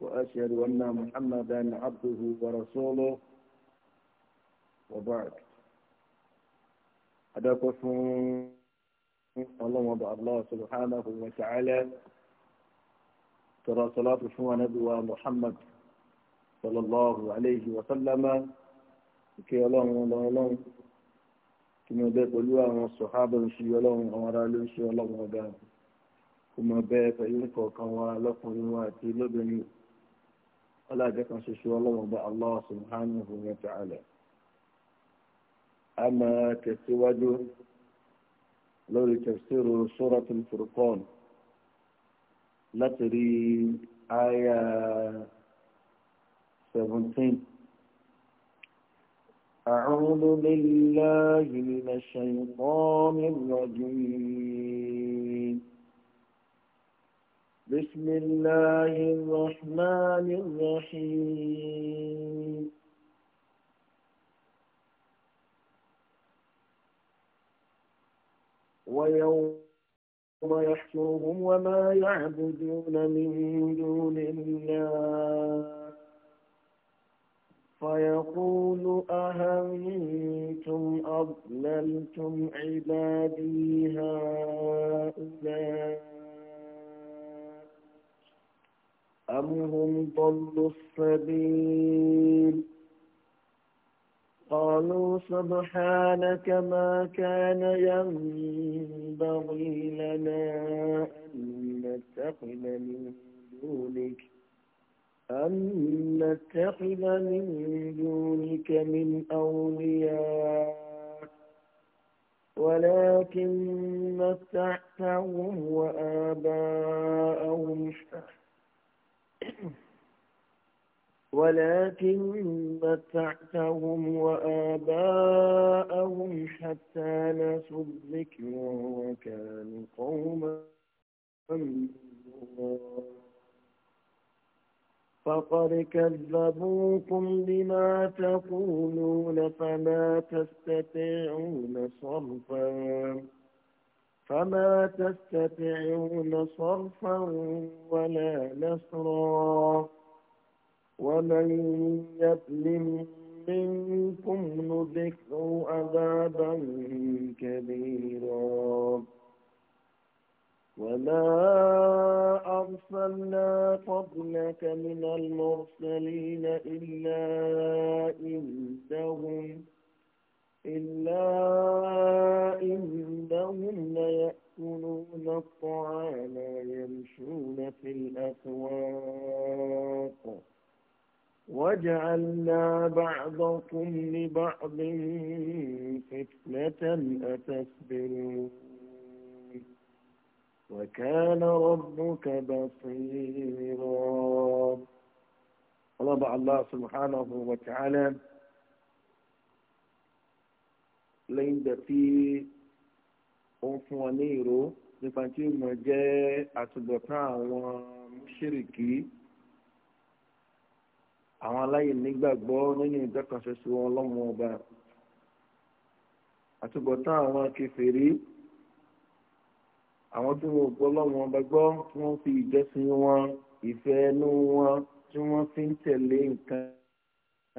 وأشهد أن محمدا عبده ورسوله وبعد أدعوكم الله وضع الله سبحانه وتعالى ترى صلاة شوى نبوى محمد صلى الله عليه وسلم kí ọlọ́run ọlọ́run ọlọ́run kí mo bẹ pẹ̀lú àwọn sọ̀hábà ń ṣe ọlọ́run àwọn ará ló ń ṣe ọlọ́run ọ̀gá kó mo bẹ pẹ̀lú nǹkan kan wa lọ́kùnrin wa àti lóbìnrin ọlọ́ọ̀jẹ́ kan ṣoṣo ọlọ́run bá Allah subhanahu wa ta'ala a máa tẹ̀síwájú lórí tafsiru suratul furqan láti rí àyà seventeen. أعوذ بالله من الشيطان الرجيم بسم الله الرحمن الرحيم ويوم يحشرهم وما يعبدون من دون الله فيقول أهنتم أضللتم عبادي هؤلاء أم هم ضلوا السبيل قالوا سبحانك ما كان ينبغي لنا أن نتخذ من دونك أن نتخذ من دونك من أولياء ولكن متعتهم وآباءهم حتى ولكن متعتهم وآباءهم حتى نسوا الذكر وكانوا قوما فقد كذبوكم بما تقولون فما تستطيعون صرفا فما تستطيعون صرفا ولا نصرا ومن يظلم منكم نذكر عذابا كبيرا وما أرسلنا قبلك من المرسلين إلا إنهم إلا إنهم ليأكلون الطعام ويمشون في الأسواق وجعلنا بعضكم لبعض فتنة أتسبرون وكان ربك بصيرا الله سبحانه وتعالى lẹ́yìn ìgbà tí ó ń fún wọn ní ìró nípa tí ó mọ̀ jẹ́ àtúbọ̀tán àwọn mùṣírìkí àwọn aláìnígbàgbọ́ nínú ìdọ́kànṣoṣo wọn lọ́mọ ọba àtúbọ̀tán àwọn kèfèrí àwọn tí wọn gbọ́ lọ́mọ ọba gbọ́ tí wọ́n fi ìjọsìn wọn ìfẹ́ ẹnu wọn tí wọ́n fi ń tẹ̀lé nǹkan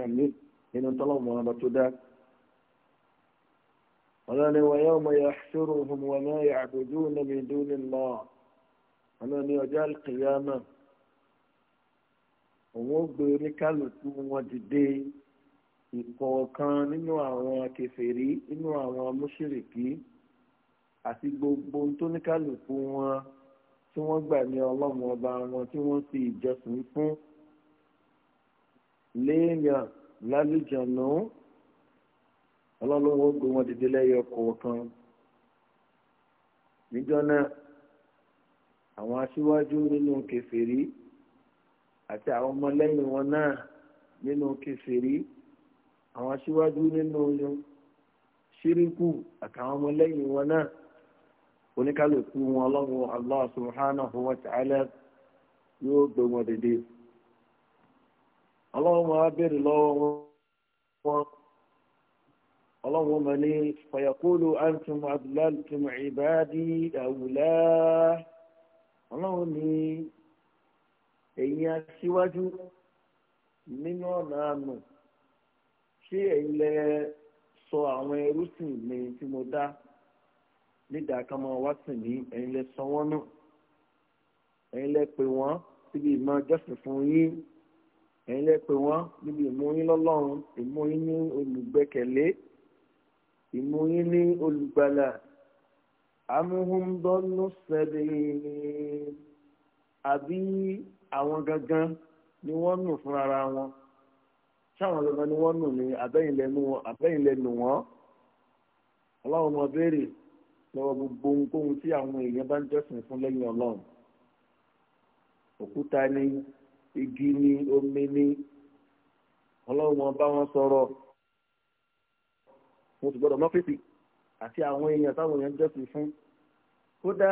ẹ̀mí nínú tọ́lọ́mọ ọba tó dá ọlọ́ni wọ́n yóò mọ̀ yàtúrò fún wọn náà yàgòjú nàmì dúnì lọ ọlọ́ni ọjọ́ àlùkìyàmà òun ó gbé oníkálùkù wọn dìde ìkọ̀ọ̀kan nínú àwọn kèfèrí nínú àwọn mùṣírìkí àti gbogbo tó níkálùkù wọn tí wọ́n gbà ní ọlọ́run ọba wọn tí wọ́n fi ìjọsìn fún léèyàn lálùjọ̀nù. No? ọlọ́lọ́wọ́ gbé wọn dìde lẹ́yọ kọ̀ọ̀kan níjọ́ náà àwọn aṣíwájú nínú kèfèrí àti àwọn ọmọlẹ́yìn wọn náà nínú kèfèrí àwọn aṣíwájú nínú ṣíríkù àtàwọn ọmọlẹ́yìn wọn náà oníkálùkù wọn ọlọ́run Allah subhanahu wa ta'ala yóò gbé wọn dìde ọlọ́run wọn á béèrè lọ́wọ́ wọn. اللهم لي فيقول أنتم أضللتم عبادي أو لا ọlọ́run ní ẹ̀yin aṣíwájú nínú ọ̀nà àánú ṣé ẹ̀yin lẹ sọ àwọn ẹrúsìn mi tí mo dá nídà kan máa wá sìn mí ẹ̀yin lẹ sọ wọ́n nù ẹ̀yin lẹ pè wọ́n síbi ìmọ̀ jọ́sìn fún yín ẹ̀yin lẹ pè wọ́n níbi ìmú yín lọ́lọ́run ìmú yín ní olùgbẹ́kẹ̀lé ìmúyín ní olùgbàlà amúhúndọ́nù sẹ́bẹ̀ẹ́ àbí àwọn gangan ni wọ́n nù fún ara wọn sáwọn gangan ni wọ́n nù ní àbẹ́yìnlẹ́nu wọn ọlọ́run mọ béèrè lọ́wọ́ gbogbo ohunkóhun tí àwọn èèyàn bá ń jọ́sìn fún lẹ́yìn ọlọ́run òkúta ni igi ni omi ni ọlọ́run mọ wọn sọ̀rọ̀ mo sì gbọ́dọ̀ mọ́fíìsì àti àwọn èèyàn táwọn èèyàn jọ́sìn fún kódà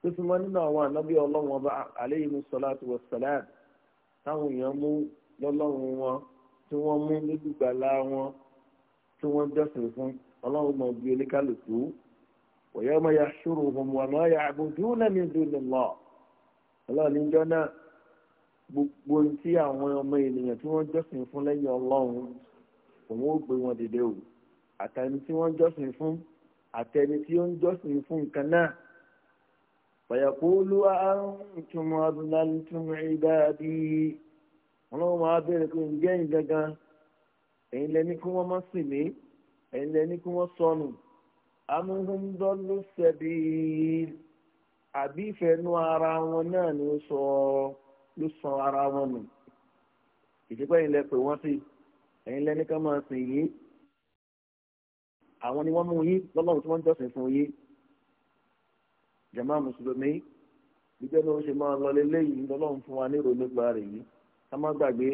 tó súnmọ́ nínú àwọn ànábì ọlọ́run ọba alayhimu salatu wassalam táwọn èèyàn mú lọ́lọ́run wọn tí wọ́n mú lójúgbàlá wọn tí wọ́n jọ́sìn fún ọlọ́run mọ̀ bí oníkálukú wa yawma yahshuruhum wa ma ya'buduna min dunillah ọlọ́run níjọ́ náà gbogbo tí àwọn ọmọ ènìyàn tí wọ́n jọ́sìn fún lẹ́yìn ọlọ́run òun ó gbé wọn dìde o àtẹni tí wọ́n ń jọ́sìn fún àtẹni tí ó ń jọ́sìn fún nǹkan náà. fàyàkóòlù àǹtùm abúlálùtùm ìdáàbí ọlọ́run máa bẹ̀rẹ̀ pé ǹjẹ́ ẹ̀yin gangan ẹ̀yin lẹni kí wọ́n má sìn mí ẹ̀yin lẹni kí wọ́n sọnù amúhúndọ́lù sẹ́bi àbí ìfẹ́nu ara wọn náà ló sọ ló sọ ara wọn nù ìdípẹ́ yìí lẹ pé wọ́n sí ẹ̀yin lẹ́ni ká máa sìn yín àwọn ni wọ́n mú yín lọ́lọ́run tí wọ́n jọ́sìn fún mùsùlùmí gbígbẹ́ ní o ṣe máa lọ lélẹ́yìn lọ́lọ́run fún wa nírò nípa rẹ̀ yìí ká má gbàgbé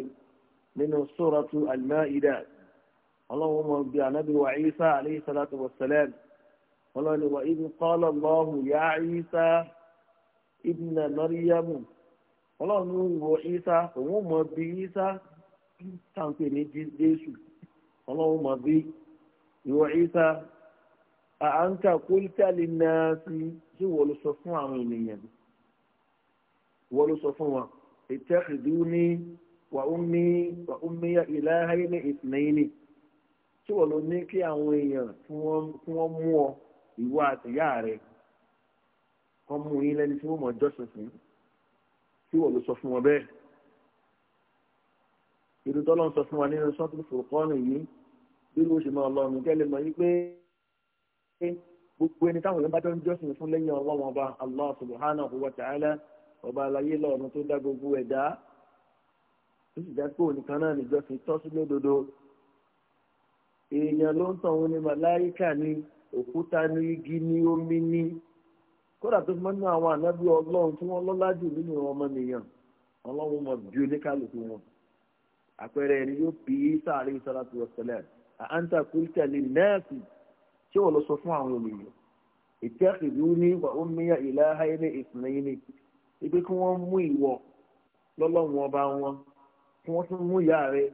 nínú sóràtú àlùmáìdá ọlọ́run mọ̀ bí anábì wa salatu wa salam ọlọ́run ibi qala ya isa ibna Maryamu ọlọ́run wo òun mọ̀ bí táwọn pè Jesu jésù ọlọ́run ma bí ìwọ ìsá àǹkà kólítà lè na sí sí wọ́n ló sọ fún àwọn ènìyàn wọ́n sọ fún ní wà ummi wà ya ilahayni ithnayni tí wọ́n ló ní kí àwọn èèyàn tí wọ́n mú ọ ìwọ àtìyá rẹ̀ kọ́ mú yín lẹ́ni tí wọ́n mọ̀ ìlú tọ́lọ́ sọ fún wa nínú sọ́tún fòkọ́nù yìí bí wọ́n ṣe máa lọ ọ̀nà kẹ́lẹ́ mọ̀ yí pé gbogbo ẹni táwọn èèyàn bá tó ń jọ́sìn fún lẹ́yìn ọlọ́wọ́n ọba allah subhanahu wa ta'ala ọba alayé lọ́run tó dá gbogbo ẹ̀dá tó sì dá pé ònìkan náà nìjọsìn tọ́ sí lódodo èèyàn ló ń tàn òun ní màláyíkà ni òkúta ni igi ni omi ni kódà tó mọ́ nínú àwọn ànábì akpere ẹni yóò bí sáré sálátù ọ̀sẹ̀lẹ̀ àǹtà kúlítà ní nẹ́ẹ̀sì tí wọ́n lọ sọ fún àwọn ènìyàn ìtẹ́kìdú ní wà ó mìíyà ìlà háyẹ́lẹ̀ ìsìnlẹ̀yìn ni ibi kí wọ́n mú ìwọ lọ́lọ́run ọba wọn kí wọ́n tún mú ìyá rẹ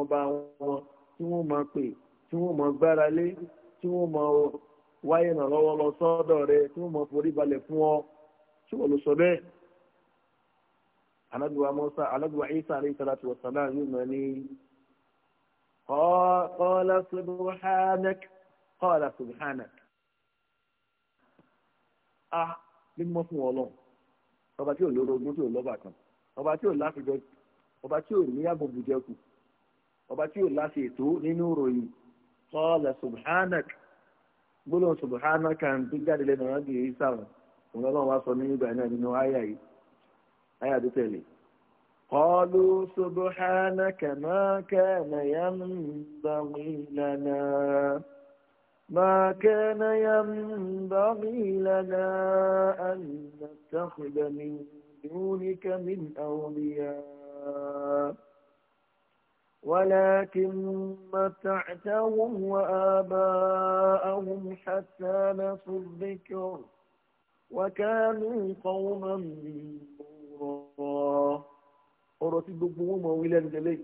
ọba wọn tí máa pè tí máa gbára lé tí máa fún ọ tí lọ sọ alágbèwà Musa alágbèwà Isa alayhi salatu wa salam yóò mọ̀ ní qala subhanak qala subhanak a ah, mímọ́ fún ọlọ́run ọba tí ò lóró ogún tí ò lọ́ba kan ọba tí ò láfijọ ọba tí ò ní àbòbùjẹkù ọba tí ò láfi ètò nínú ròyìn qala subhanak gbólóhùn subhanak kan tó jáde lẹ́nu ọ̀rọ̀ bíi Isa òun ọlọ́run wá sọ ní ìgbà náà nínú àyà yìí. هذا آية tó قالوا سبحانك ما كان ينبغي لنا ما كان ينبغي لنا أن نتخذ من دونك من أولياء ولكن متعتهم وآباءهم حتى نسوا الذكر وكانوا قوما ọ̀rọ̀ tí gbogbo wọn mọ̀ wí lẹ́nu tẹ́lẹ̀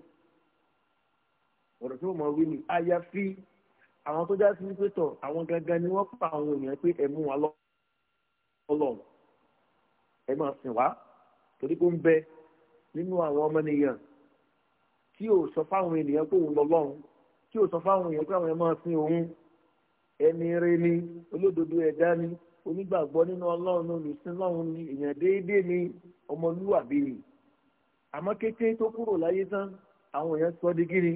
ọ̀rọ̀ tí wọ́n mọ̀ wí ni àyàfi àwọn tó já sí wípé tọ̀ àwọn gangan ni wọ́n pa àwọn èèyàn pé ẹ̀ mú wa lọ́lọ́ ẹ̀ máa sìn wá torí pé ń bẹ nínú àwọn ọmọnìyàn tí yóò sọ fáwọn ènìyàn pé òun lọ́lọ́run tí yóò sọ fáwọn èèyàn pé àwọn èèyàn máa sin òun ẹni rẹ ni olódodo ẹ̀dá ni onígbàgbọ́ nínú ọlọ́run olùsìn lọ́run ni èèyàn déédéé ni ọmọlúwàbí ni àmọ́ kété tó kúrò láyé tán àwọn èèyàn sọ di kíni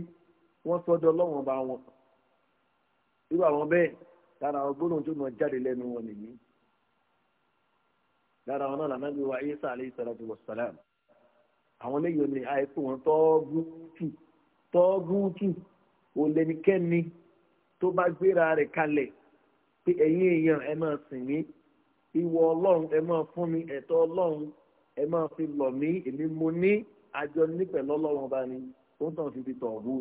wọ́n sọ dọ́ lọ́wọ́n bá wọn irú àwọn bẹ́ẹ̀ lára àwọn gbólóhùn tó mọ̀ jáde lẹ́nu wọn nìyí lára àwọn náà lànà bí wa isa aleyhi salatu wa salam àwọn eléyìí ni àìsàn wọn tọ́gùtù tọ́gùtù ò lẹ́nikẹ́ni tó bá gbéra rẹ̀ kalẹ̀ pé ẹ̀yin èèyàn ẹ máa sìn mí ìwọ ọlọ́run ẹ máa fún mi ẹ̀tọ́ ọlọ́run ẹ máa fi lọ̀ mí èmi mo ní àjọ nípẹ̀ lọ́lọ́wọ́n bá ní tó ń tàn fi fi tọ̀ bóòtù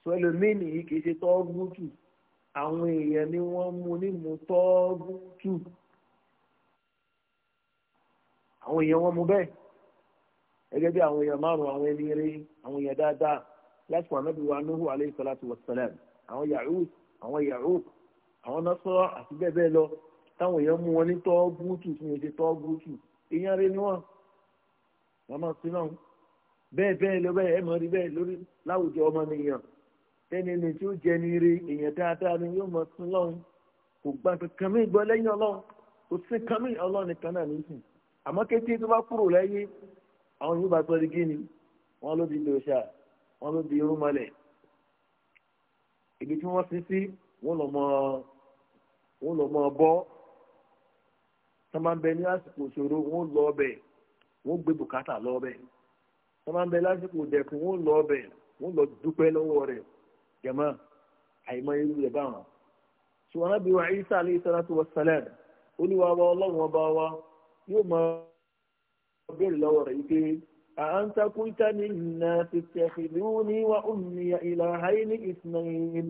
sọ ẹlòmíì nìyí kì í ṣe tọ́ bóòtù àwọn èèyàn ni wọ́n mú ní mo tọ́ bóòtù àwọn èèyàn wọn mú bẹ́ẹ̀ gẹ́gẹ́ bí àwọn èèyàn márùn àwọn ẹni rí àwọn èèyàn dáadáa lásìkò ànábì wa nuhu aleyhi salatu wa salam àwọn yaud àwọn yaud àwọn nasara àti bẹ́ẹ̀ bẹ́ẹ̀ lọ táwọn èèyàn mú wọn ní tọ́ bóòtù fún mi ṣe tọ́ bóòtù èèyàn rẹ ni wọn wọn máa sin náà bẹ́ẹ̀ bẹ́ẹ̀ lọ bẹ́ẹ̀ ẹ mọ̀ rí bẹ́ẹ̀ lórí láwùjọ ọmọ nìyàn ẹni tí ó jẹ ní rí èèyàn dáadáa ni yóò mọ sin kò gbà kankan mí lẹ́yìn ọlọ́run kò sí nìkan tó bá kúrò àwọn ibi tí sí tó máa ń bẹ ní àsìkò ìṣòro wọn lọ ọbẹ̀ wọn gbé bùkátà lọ ọbẹ̀ tó máa ń bẹ lásìkò ìdẹ̀kùn wọn lọ ọbẹ̀ wọn lọ dúpẹ́ lọ́wọ́ rẹ̀ jẹ̀mọ́ àìmọ́ irú rẹ̀ báwọn. ṣùgbọ́n bí wa isa alayhi salatu wa salam olúwa wa ọlọ́run ọba wa yóò máa béèrè lọ́wọ́ rẹ̀ yìí pé أأنت قلت للناس اتخذوني وأمي إلهين اثنين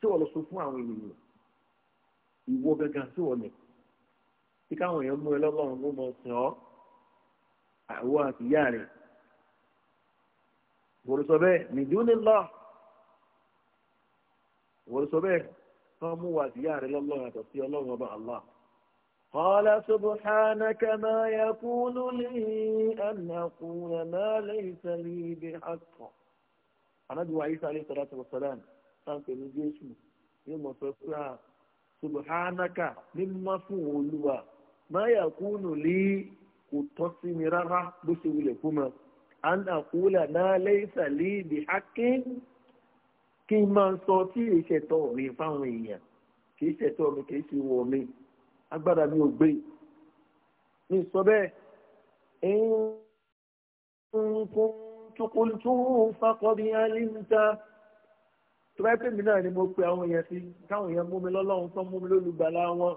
سوى لصفوع وإليه يوجد سوى لك tí káwọn èèyàn mú ẹ lọ́gọ́rùn-ún ló mọ̀ sìn ọ́ àwọ̀ àtìyá rẹ̀ ìwòrìsọ bẹ́ẹ̀ nìdúnilọ́ ìwòrìsọ bẹ́ẹ̀ tó mú wà àtìyá rẹ̀ lọ́gọ́rùn-ún àtọ̀ sí ọlọ́run ọba allah. قال سبحانك ما يكون لي أن أقول ما ليس لي بحق anabi wa isa alayhi salatu wa salam tan pe ni jésù yóò mọ máa yà kúnù lé kò tọ́ sí mi rárá bó ṣe wulẹ̀ fún mi à ń àkúlà náà lẹ́yìnsà lé ibi ákí kí n máa sọ tí ìṣẹ̀tọ̀ mi fáwọn èèyàn kì í ṣẹ̀tọ̀ mi kì í ṣe wọ̀ mi agbára mi ò gbé mi sọ bẹ́ẹ̀ ń kún tukuntun fakọbi alimta tó ni mo pe àwọn èèyàn sí káwọn èèyàn mú mi lọ́lọ́run tó mú mi lólùgbàlà wọn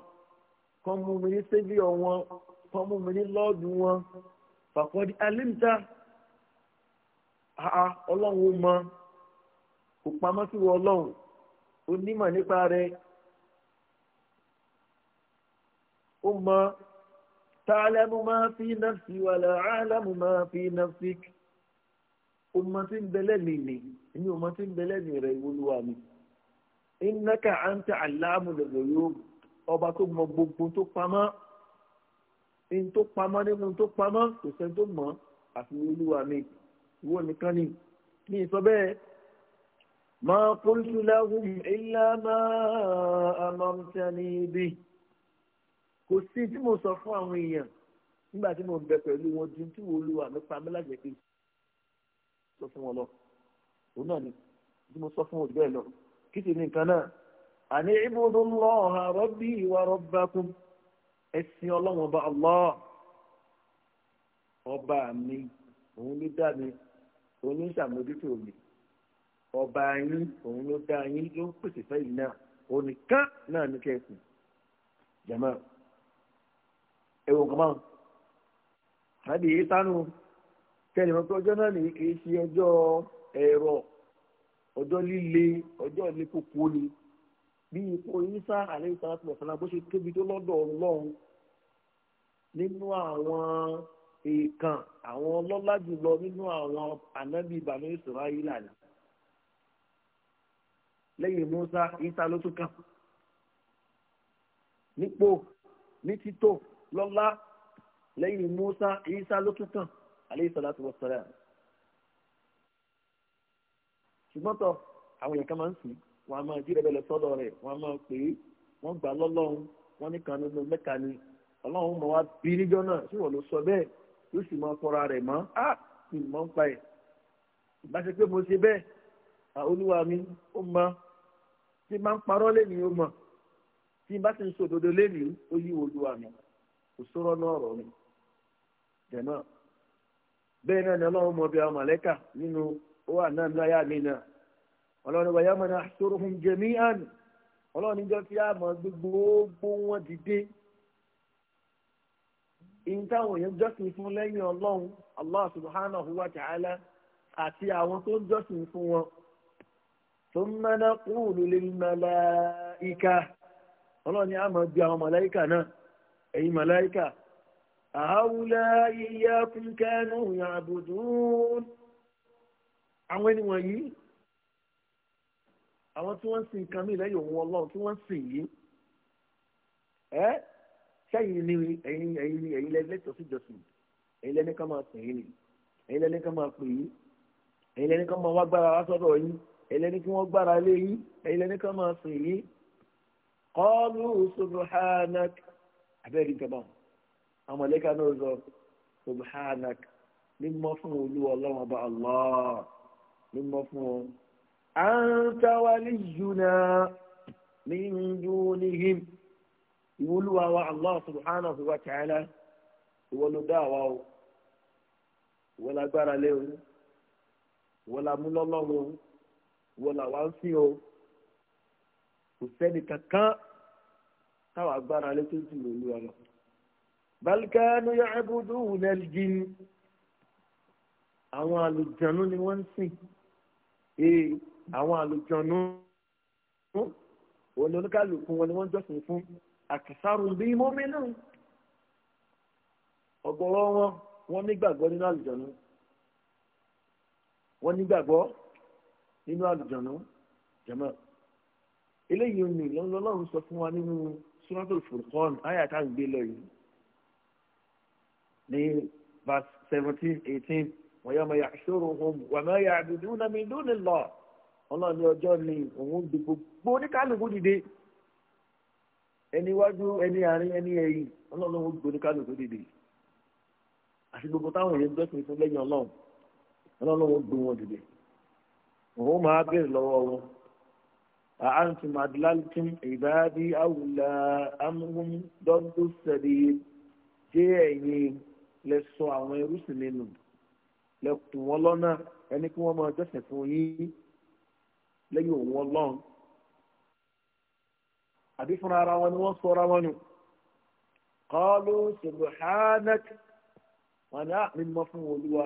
kan mú mi ní sẹ́fíọ̀ wọn kan mú mi ní lọ́ọ̀dù wọn fàkọ́dí alímta àà ọlọ́run ó mọ kò pamọ́ sí wọ ọlọ́run ó nímọ̀ nípa rẹ ó mọ tààlẹ́mú máa fi nafsi wà láàlámù máa fi nafsi ó mọ tí ń bẹ́lẹ̀ mi nì èmi ò mọ tí ń bẹ́lẹ̀ mi rẹ̀ ìwolúwa mi innaka anta allamu lọ́gbọ̀n yóò ọba tó mọ gbogbo tó pamọ́ ní tó pamọ́ nínú tó pamọ́ kò sẹ́ni tó mọ̀ àfi olúwa mi ìwọ nìkan ni ní ìsọ bẹ́ẹ̀ ma qultu lahum illa ma amartani bi kò sí tí mo sọ fún àwọn èèyàn nígbà tí mo ń bẹ pẹ̀lú wọn ju tí olúwa mi pa mí lájẹ sọ fún wọn lọ òun náà ni tí mo sọ fún òun bẹ́ẹ̀ lọ kí sì ní nǹkan náà. ani ìbùdó lọ́ọ̀hà rọ́bì ìwà rọ́bàkùn ẹ̀sìn ọlọ́run ọba ọba mi òun ló dá mi òun ló ṣàmójútó mi ọba yín òun ló dá yín ló ń pèsè fẹ́yìn náà òun ní jama ẹ̀wọ̀n kan ha tàbí èyí kẹ́ni wọn ọjọ́ náà kì í ṣe ọjọ́ bí ipò isa àlẹ́sàtì ọ̀sán bó ṣe tóbi tó lọ́dọ̀ ọlọ́run nínú àwọn èèkàn àwọn ọlọ́lá jùlọ nínú àwọn ànábì ìbànú ìsòráyìlà ni lẹ́yìn musa isa ló tún kàn nípò ní títò lọ́lá lẹ́yìn musa isa ló tún kàn àlẹ́sàtì ọ̀sán ṣùgbọ́n tọ àwọn èèkàn máa ń sìn í wọn a máa jí rẹ̀bẹ̀lẹ̀ sọ́dọ̀ rẹ̀ wọn a máa pè é wọ́n gbà lọ́lọ́run wọ́n ní kan nínú mẹ́ta ni ọlọ́run mọ̀ wá bí níjọ́ náà tí wọ́n ló sọ bẹ́ẹ̀ yóò sì máa fọra rẹ̀ mọ́ á kì í mọ́ ń pa ẹ̀ bá ṣe pé mo ṣe bẹ́ẹ̀ olúwa mi ó mọ tí bá ń parọ́ lẹ́nìí ó mọ tí bá ti ń sòdodo lẹ́nìí ó yí olúwa mi kò sọ̀rọ̀ náà ọ̀rọ̀ mi jẹ̀mọ́ bẹ́ẹ̀ náà ni ọlọ́run mọ̀ bí àwọn mọ̀lẹ́kà nínú ó wà náà náà yá mi náà ọlọ́run wàyà mọ̀ náà sọ̀rọ̀hún jẹ̀mí àn ọlọ́run níjọ́ tí a mọ̀ gbogbo wọn dìde ìyìn táwọn èèyàn jọ́sìn fún lẹ́yìn ọlọ́run allah subhanahu wa ta'ala àti àwọn tó jọ́sìn fún wọn tó ń mẹ́ná kúrò lórí màláìka ọlọ́run ni a bí àwọn màláìka náà ẹ̀yin màláìka àhàwùlá iyyakum kanu ya'budun àwọn ènìyàn yìí. àwọn tí wọ́n ń sin nǹkan mí lẹ́yìn òun ọlọ́run tí wọ́n ń sìn yìí ẹ́ sẹ́yìn ni ẹ̀yin ẹ̀yin ni ẹ̀yin lẹ́tọ̀ọ́ sí ìjọsìn ẹ̀yin lẹ́ni ká máa ni ẹ̀yin lẹ́ni ká máa pè ẹ̀yin lẹ́ni ká máa wá gbára wá sọ́dọ̀ yín ẹ̀yin lẹ́ni kí wọ́n gbára lé yín ẹ̀yin lẹ́ni ká máa sìn yín subhanak abẹ́rẹ́ ìjọba náà sọ anta waliyuna min dunihim ìwúlúwa wa allah subhanahu wa ta'ala ìwọ ló dá àwa o ìwọ lágbára lé o ìwọ làmúlọ́lọ́run o ìwọ làwa ń sìn o kò sẹ́ni kankan táwọn agbára lé tó dùn lólu ọ̀rọ̀. balkanu ya'buduna al-jinn àwọn àlùjànnú ni wọ́n ń sìn àwọn àlùjọ̀nù òun ni oníkàlùkù wọn ni wọ́n jọ́sìn fún àkàsárùn bí mọ́mí náà ọ̀gọ̀rọ̀ wọn wọ́n nígbàgbọ́ nínú àlùjọ̀nù wọ́n nígbàgbọ́ nínú àlùjọ̀nù jẹ̀mọ́ eléyìí ni lọ́lọ́run sọ fún wa nínú suratul furqan aya ń gbé lọ yìí ní verse seventeen eighteen wa yawma yahshuruhum wa ma ya'buduna min dunillah ọlọ́run ní ọjọ́ ni òun gbé gbogbo oníkálukú dìde ẹni iwájú ẹni àárín ẹni ẹ̀yìn ọlọ́run ló ń gbé oníkálukú dìde àti gbogbo táwọn èèyàn gbẹ́sìn fún lẹ́yìn ọlọ́run ọlọ́run ló ń gbé wọn dìde òun máa bèèrè lọ́wọ́ wọn àántùm adìlálùtùm ìbáàdì àwùlà amúhùn dọ́ńdó sẹ̀dí jẹ́ ẹ̀yìn lẹ sọ àwọn ẹrú sí nínú lẹ tù wọn lọ́nà ẹni kí wọ́n máa jọ́sẹ̀ fún yín lẹ́yìn òun ọlọ́run àbí fúnra ara wọn ni wọ́n sọ ara wọn nù kọ́lù subhanak wọn ni àmì mọ́ fún olúwa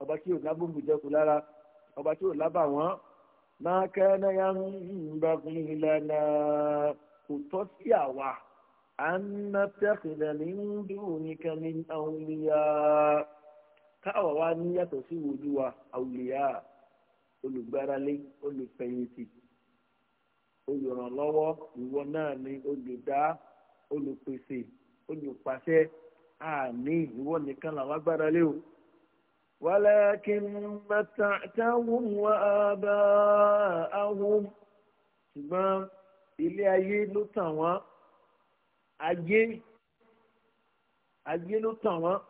ọba tí ò lábùmù jẹ́kù lára ọba tí ò lábà ya ń bá ilẹ̀ náà kò tọ́ sí àwa tẹ́kìlẹ̀ ní ń ní yàtọ̀ sí olùgbáralé olùfẹ̀yìntì olùrànlọ́wọ́ ìwọ náà ni olùdá olùpèsè olùpàṣẹ àní ìwọ nìkan làwọn gbáralé o. ولكن متعتهم وآباءهم ṣùgbọ́n ilé ayé ló tàn wọ́n ayé ayé ló tàn wọ́n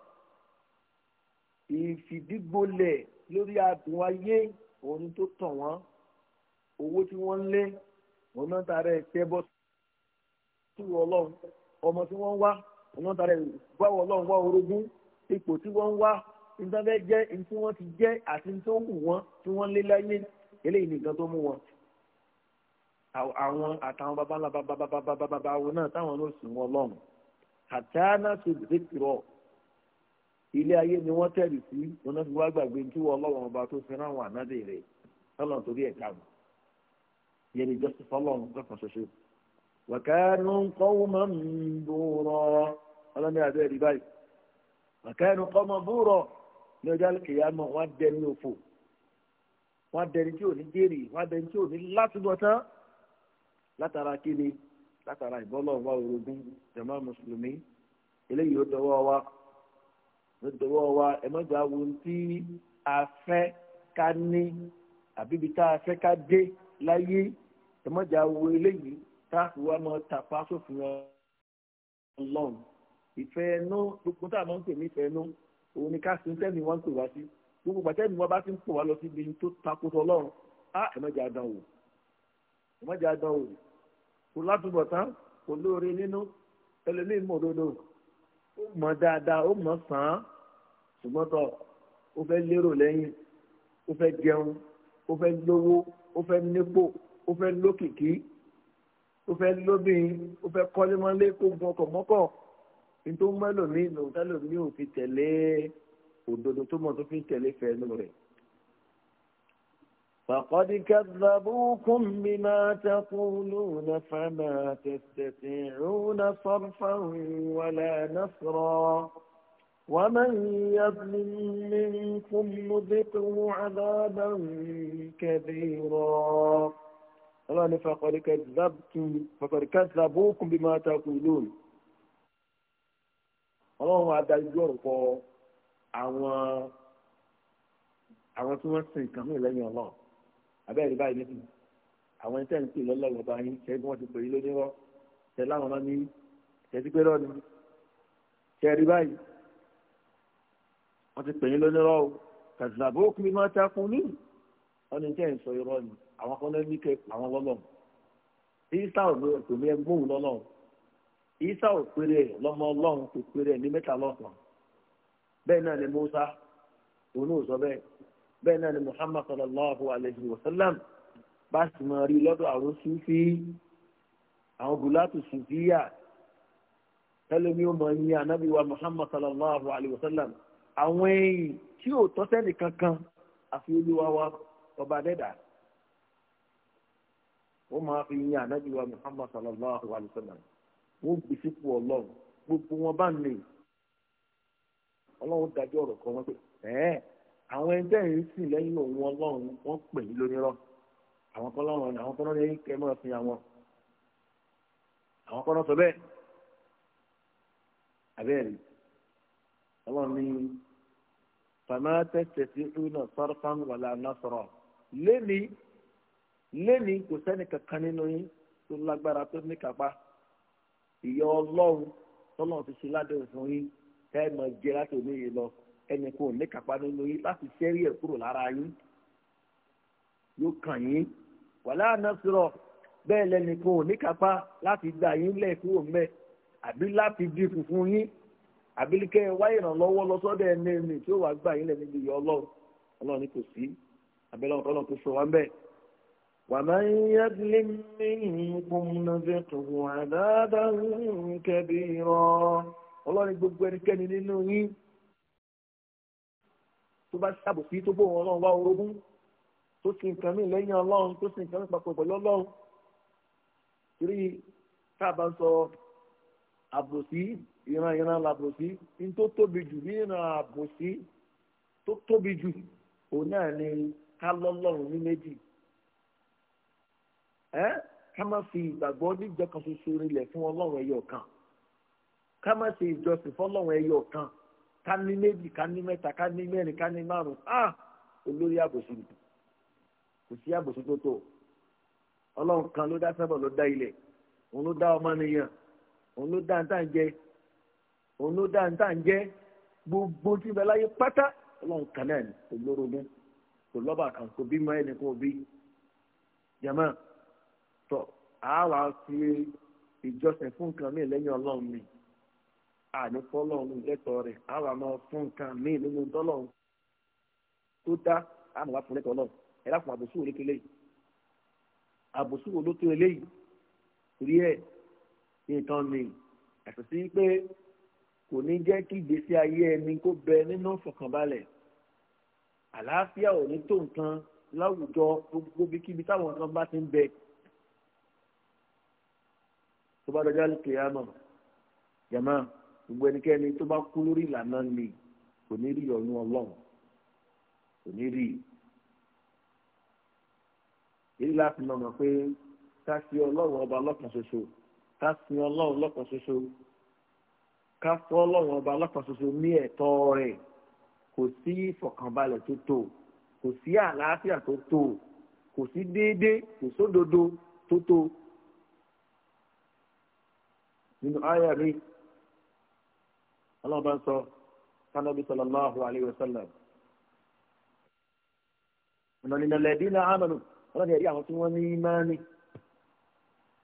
ìfìdígbolẹ̀ lórí adùn ayé òun tó tàn wọ́n owó tí wọ́n ń lé òun náà tààrẹ ẹ̀kẹ́ bọ́ síwọ ọlọ́run ọmọ tí wọ́n ń wá òun náà tààrẹ báwọ ọlọ́run wá orogún ipò tí wọ́n ń wá ìtàfẹ́ jẹ́ ní tí wọ́n ti jẹ́ àti ní tí wọ́n wù wọ́n tí wọ́n lé láyé eléyìí nìkan tó mú wọn àwọn àtàwọn babalá bababababababa wọn náà táwọn náà sùn wọn lọ́run àtàánà tó dìde kìrọ̀ ilé ayé ni wọ́n tẹ̀lé sí wọn fi wá gbàgbé tí wọ́n ọlọ́wọ́n ọba tó fẹ́ràn wà nádé rẹ̀ tọ́lọ̀ torí ẹ̀ káàbù yẹn ni jọ́sìn fọlọ́run lọ́kàn ṣoṣo. wàkàánù kọ́wọ́mọ́ ń búrọ̀ ọlọ́ni abẹ́ rí báyìí wàkàánù kọ́mọ búrọ̀ ní ọjọ́ kìyàmọ̀ wọ́n dẹni òfò wọ́n dẹni tí ò ní jèrè wọ́n dẹni tí ò ní látúbọ̀tán látara kíni látara ìbọ́lọ̀ wa orogún jàmá mùsùlùmí eléyìí ó dọwọ́ wa lọ́dọ̀wọ́ wa ẹ má gbà wo tí a fẹ́ ká ní àbíbi tá a fẹ́ ká dé láyé ẹ má gbà wo eléyìí tá a fi wá mọ tàpá sófin ọlọ́run ìfẹ́ ẹnu gbogbo tá a máa ń pè ní ìfẹ́ ẹnu òun ni ká sin tẹ́ni wọ́n ń pè wá sí gbogbo pàtẹ́ ni wọ́n bá ti ń pò wá lọ síbi tó takoto ọlọ́run á ẹ má jẹ́ àdán wò ẹ má jẹ́ àdán wò kò látúbọ̀ tán kò lóore nínú ẹlẹ́mìí mọ̀ òdodo ó mọ̀ dáadáa ó mọ̀ sàn án ṣùgbọ́n tó ó fẹ́ lérò lẹ́yìn ó fẹ́ jẹun ó fẹ́ lówó ó fẹ́ nípò ó fẹ́ lókìkí ó fẹ́ lóbìnrin ó fẹ́ kọ́lémọ́lé kó gun ọkọ̀ mọ́kọ̀ ní tó mọ́ ẹlòmíì lòun tẹ́lòmíì ò fi tẹ̀lé òdodo tó mọ̀ tó fi tẹ̀lé fẹ́ẹ́ nù rẹ̀. فقد كذبوكم بما تقولون فما تستطيعون صرفا ولا نصرا ومن يظلم منكم نذقه عذابا كبيرا الله فقد كذبتم فقد كذبوكم بما تقولون ọlọ́run adájọ́ ọ̀pọ̀ àwọn àwọn tí wọ́n sin nǹkan lẹ́yìn ọlọ́run abẹ́rẹ́ báyìí níbi àwọn ẹni tẹ́ ń pè lọ́lọ́wọ́ bá yín ṣe bí wọ́n ti pè yín lónírọ́ ṣe láwọn máa ní ṣe ti pé lọ́ni ṣe rí báyìí wọ́n ti pè yín lónírọ́ o kàtìlàbó kí máa ta fún ní wọ́n ní tẹ́ ń irọ́ ni àwọn kan ní kẹ́ àwọn lọ́lọ́ ìsà òtòmí ẹgbóhùn lọ́lọ́ ìsà òpèrè lọ́mọ ọlọ́run kò pèrè ní mẹ́ta lọ́sàn-án bẹ́ẹ̀ náà ni Mùsá òun náà sọ bẹ́ẹ̀ bẹ́ẹ̀ náà ni muhammad sallallahu alayhi wa sallam bá sì máa rí lọ́dọ̀ àwọn sufi àwọn gulatu sufiya tẹlẹmi ó mọ ní anabi wa muhammad sallallahu alayhi wa sallam àwọn èyí tí ò tọ́sẹ́ nìkan kan àfi olúwa wa ọba dẹ́dà wọ́n máa fi yin anabi wa muhammad sallallahu alayhi wa sallam wọ́n gbé sípò ọlọ́run gbogbo wọn bá ń lè ọlọ́run dájọ́ ọ̀rọ̀ kan wọ́n pé ẹ̀ẹ́ àwọn ẹni tẹ́ ń sìn lẹ́yìn òun ọlọ́run wọ́n pè yín lónírọ́ àwọn kan lọ́rùn àwọn kan lọ́rùn kẹ́ mọ́ fi àwọn àwọn kan lọ́sọ bẹ́ẹ̀ àbẹ́ẹ̀rẹ̀ ọlọ́run ní fàmáàtẹ́ tẹ̀sí ìrúnà sọ́rọ́fán wàlà násọ̀rọ̀ lẹ́ni lẹ́ni kò sẹ́ni kankan nínú yín tó lágbára tó ní kápá ìyá ọlọ́run tọ́lọ́run ti ṣe ládùn fún yín tẹ́ ẹ mọ̀ jẹ́ láti òní yìí lọ ẹnì kan ò ní kápá nínú yín láti ṣẹ́rí ẹ̀ kúrò lára yín yóò kàn yín wàlá nasrọ̀ bẹ́ẹ̀ lẹ́nì ní kápá láti gbà yín mẹ́ àbí láti di funfun yín àbí kẹ́ ẹ ìrànlọ́wọ́ ẹni ẹni tí ó wàá gbà yín lẹ́nu ìyá ọlọ́run ọlọ́run kò sí abẹ́lẹ́ tó sọ wá ń gbogbo ẹnikẹ́ni nínú yín tó bá ṣàbòsí tó bóun ọlọ́run wá orogún tó ti nǹkan mí lẹ́yìn ọlọ́run tó ti nǹkan mí papọ̀ pẹ̀lú ọlọ́run torí tá a bá ń sọ àbòsí ìran ìran làbòsí ní tó tóbi jù ní ìran àbòsí tó tóbi jù òun náà ni ká lọ́lọ́run ní méjì ẹ́ ká má fi ìgbàgbọ́ níjọ kan ṣoṣo rinlẹ̀ fún ọlọ́run ẹyọ kan ká má ṣe ìjọsìn fọlọ́run ẹyọ kan ká ní méjì ká ní mẹ́ta ká ní mẹ́rin ká ní márùn ah olórí àbòsí ni kò sí àbòsí tó tó ọlọ́run kan ló dá sábà ló dá ilẹ̀ òun ló dá ọmọnìyàn òun ló dá nǹkan jẹ òun ló dá nǹkan jẹ gbogbo tí bẹ láyé pátá ọlọ́run kan náà ni kò lórogún kò lọ́ba kan kò bímọ ẹni kò bí jẹ̀mọ́ tọ́ àá wàá fi ìjọsìn fún nǹkan mi lẹ́yìn ọlọ́run mi àní fọlọ́run lẹ́tọ̀ọ́ rẹ̀ àwọn àmọ́ fún nǹkan míì nínú tọ́lọ́run tó dá àmọ́ wá fún lẹ́tọ̀ọ́ náà ẹ lákùn àbòsù olókè léyìí àbòsù olókè léyìí rí ẹ nǹkan ni àti sí pé kò ní jẹ́ kí ìgbésí ayé ẹni kó bẹ nínú fọkànbalẹ̀ àlàáfíà ò ní tó nǹkan láwùjọ gbogbo bíkíbi táwọn nǹkan bá ti ń bẹ tó bá dọjọ́ àlùkè àmọ́ jàmáà gbogbo ẹnikẹ́ni tó bá kú lórí ìlànà mi kò ní rí ọ̀nù ọlọ́run kò ní rí i. èyí láti mọ̀ mọ̀ pé ká sí ọlọ́run ọba lọ́kàn ṣoṣo ká sin ọlọ́run lọ́kàn ṣoṣo ká fọ́ ọlọ́run ọba lọ́kàn ṣoṣo ní ẹ̀tọ́ rẹ̀ kò sí ìfọ̀kànbalẹ̀ tó tó kò sí àlàáfíà tó tó kò sí déédéé kò sódodo tó tó nínú àyà mi ọlọ́run bá ń sọ kánọ́bí sallallahu alayhi wa sallam ọ̀nàdínlẹ̀dín náà ámàlù ọlọ́run yẹ̀rí àwọn tí wọ́n ní ìmáàní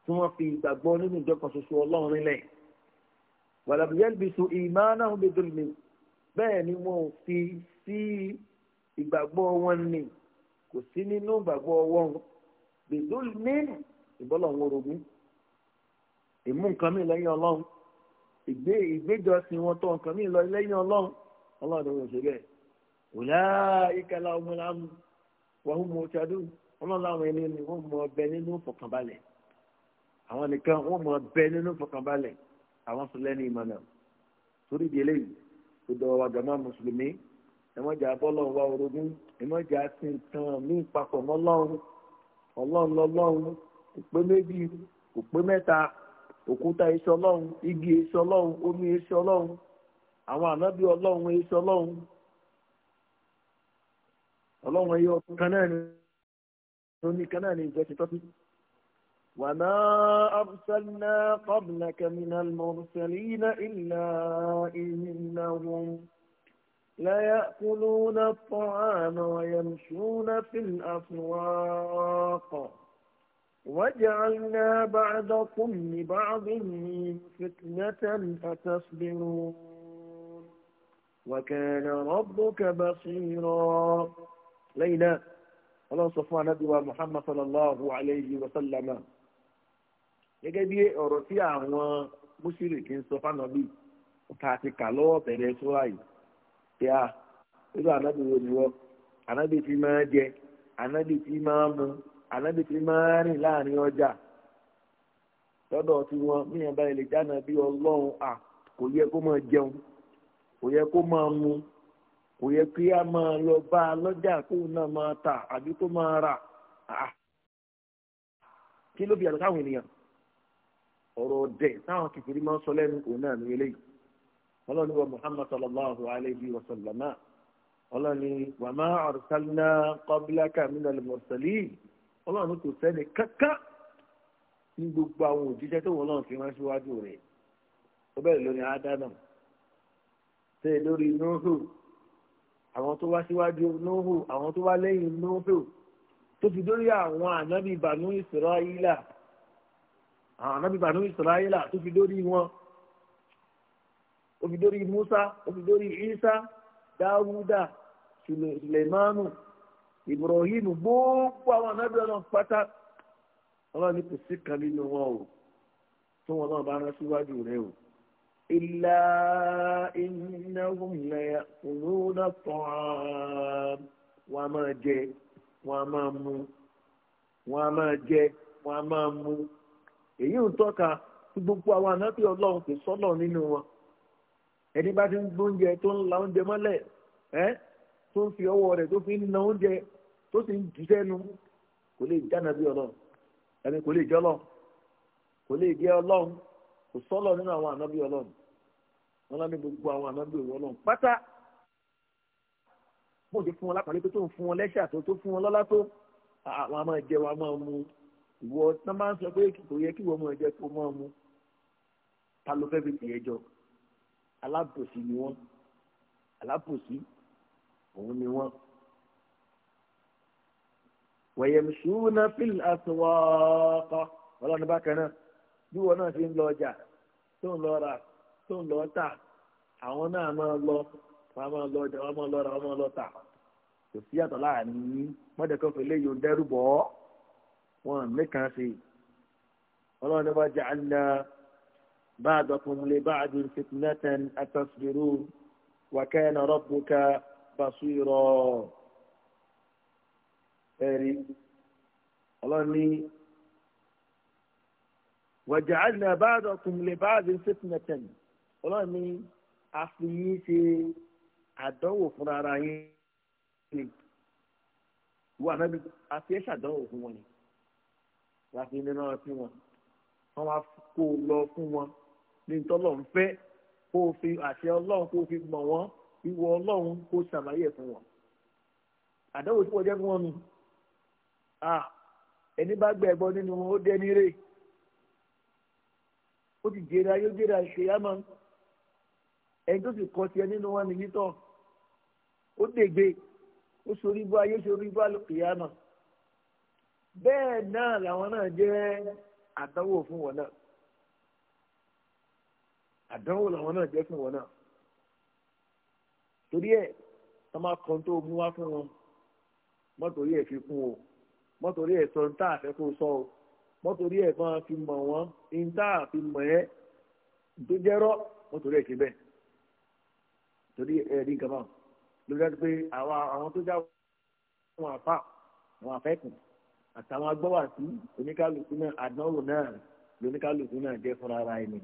tí wọ́n fi ìgbàgbọ́ nínú ìjọkan ṣoṣo ọlọ́run nílẹ̀ wàlàbíyẹ́lbìsù ìmáànáhùn bẹ́ẹ̀dọ́lùmí bẹ́ẹ̀ ni wọ́n fi sí ìgbàgbọ́ wọn ni kò sí nínú ìgbàgbọ́ wọn bẹ́ẹ̀dọ́lùmí ìbọ́lọ̀ wọn rògbìn ìmú nǹkan mi lẹ́yìn ọlọ́run ìgbé ìgbéjọsìn wọn tó nǹkan mí lọ lẹ́yìn ọlọ́run ọlọ́run ló ń ṣe bẹ́ẹ̀ òlá ìkàlà ọmọláàmù wọn mú ọtí ọlọ́run láwọn ẹni ni wọ́n mọ ọbẹ̀ nínú fọkànbalẹ̀ àwọn nìkan wọ́n mọ ọbẹ̀ nínú fọkànbalẹ̀ àwọn sọ lẹ́nu ìmọ̀nà torí di eléyìí tó dọ̀ wà jàmá mùsùlùmí ẹ̀mọ́jà bọ́lọ̀ wa orogún ẹ̀mọ́jà ti ń tan mí òkúta èso ọlọ́run igi èso ọlọ́run omi èso ọlọ́run àwọn ànábì ọlọ́run èso ọlọ́run ọlọ́run ẹyọ kan náà ni lóní kan náà ni ìjọ ti tọ́sí. وما أرسلنا قبلك من المرسلين إلا إنهم ليأكلون الطعام ويمشون في الأسواق وجعلنا بعضكم لبعض فتنة أتصبرون وكان ربك بصيرا لينا الله صفى نبي محمد صلى الله عليه وسلم gẹ́gẹ́ bí ọ̀rọ̀ tí àwọn mùsùlùmí ń sọ fánàbí tá a ti kà sọ́ra yìí tí a irú ànábì wo ni wọ́n ànábì tí máa jẹ ànábì tí máa mu ànábì ti máa rìn láàrin ọjà lọ́dọ̀ tí wọn míyàn báyìí lè dáná bí ọlọ́run à kò yẹ kó máa jẹun kò yẹ kó máa mu kò yẹ kí a máa lọ bá a lọ́jà kóun náà máa tà àbí kó máa rà á kí ló bí àlọ́ káwọn ènìyàn ọ̀rọ̀ ọ̀dẹ̀ táwọn kìkìrì máa ń sọ lẹ́nu òun náà ní eléyìí ọlọ́ni wa muhammad sallallahu alayhi wa sallama ọlọ́ni wàmà arsalna qablaka minal mursalin ọlọ́run kò sẹ́ni kankan ní gbogbo àwọn òjíṣẹ́ tó wọn náà fi rán síwájú rẹ̀ ó bẹ̀rẹ̀ lórí ádámà tẹ̀ lórí nóhù àwọn tó wá síwájú nóhù àwọn tó wá lẹ́yìn nóhù tó fi dórí àwọn ànábì bànú ìsìráyílà àwọn ànábì bànú ìsìráyílà tó fi dórí wọn ó fi dórí Musa ó fi dórí Isa Dáwúdà Sùlẹ̀mánù. Ibrahim gbogbo àwọn anábì ọlọ́run pátá ọlọ́run ní kò sí kan nínú wọn o tó wọn náà bá rán síwájú rẹ o. Ilá iná la ya'kuluna ta'am wọn a máa jẹ wọn máa mu wọn a máa jẹ wọn máa mu èyí ń tọ́ka gbogbo àwọn anábì ọlọ́run kò sọ́nà nínú wọn ẹni bá ti ń gbóúnjẹ tó ń fi ọwọ́ rẹ̀ tó fi ń na oúnjẹ tó sì ń jù sẹ́nu kò lè jẹ́ ànábì ọlọ́run ẹni kò lè jẹ́ ọlọ́run kò lè jẹ́ ọlọ́run kò sọ́lọ̀ nínú àwọn ànábì ọlọ́run wọn lọ ní gbogbo àwọn ànábì òun ọlọ́run pátá mo ti fún wọn lápàlẹ́ pé tó ń fún wọn lẹ́ṣà tó tó fún wọn lọ́lá tó àwọn a máa jẹ wọn a máa mu ìwọ tán bá ń sọ pé kò yẹ kí ìwọ máa jẹ kó máa mu ta ló fẹ́ fi tì ẹ jọ alábòsí ni wọ́n alábòsí òun ni wọ́n. wẹ̀yẹ̀mùsùnà fíl àsùnwọ̀ọ́kọ́ ọlọ́run bákan náà bí wọn náà fi ń lọ ọjà tó ń lọ rà tó ń lọ tà àwọn náà máa lọ wọn máa lọ ọjà wọn máa lọ rà wọn máa lọ tà kò sí yàtọ̀ láàrin mọ́tẹ́kọ́ fèlè yóò dẹ́rù bọ́ wọn nìkan ṣe ọlọ́run ní wọ́n jẹ́ àná bá a dọ̀kun lè bá a dùn fìtínẹ́tẹ̀ àtọ́sírù wàkẹ́ ẹ̀ náà rọ́bùkà basira ẹ̀rí ọlọ́run ní waja'alna ba'dakum li ba'din fitnatan ọlọ́run ní àfihàn ṣe àdánwò fúnra ara yín ni wọ́n àná bí àfihàn ṣàdánwò fún wọn ni láti nínú ọtí wọn wọn wá kó lọ fún wọn ní tọ́lọ̀ ń kó fi àṣẹ ọlọ́run kó fi mọ̀ wọ́n. ìwọ ọlọ́run kó ṣàlàyé fún wọn àdánwò tí wọ́n jẹ́ fún wọn ẹni bá gbẹ ẹ̀gbọ́n nínú wọn ó dẹni rè ó ti jẹra yóò jẹra ìṣèyàmọ́ ẹni tó sì kọ́ nínú wọn ni tán ó dègbè ó sorí bó ayé sorí bẹ́ẹ̀ náà làwọn náà jẹ́ fún wọn náà làwọn náà jẹ́ fún wọn náà. torí ẹ̀ tó máa kàn tó ogun wá fún wọn mọ́tòrí ẹ̀ fi kún o mọ́tòrí ẹ̀ sọ ní tá àfẹ́ kó sọ o mọ́tòrí ẹ̀ máa fi mọ̀ wọ́n ní tá àfi mọ̀ ẹ́ tó jẹ́rọ́ mọ́tòrí ẹ̀ ṣe bẹ́ẹ̀ torí ẹ̀ rí nǹkan báwọn ló dájú pé àwa àwọn tó já wọn àfà àwọn àfẹ́kùn àtàwọn agbọ́wà sí oníkálukú náà àdánwò náà lóníkálukú náà jẹ́ fúnra ara ẹni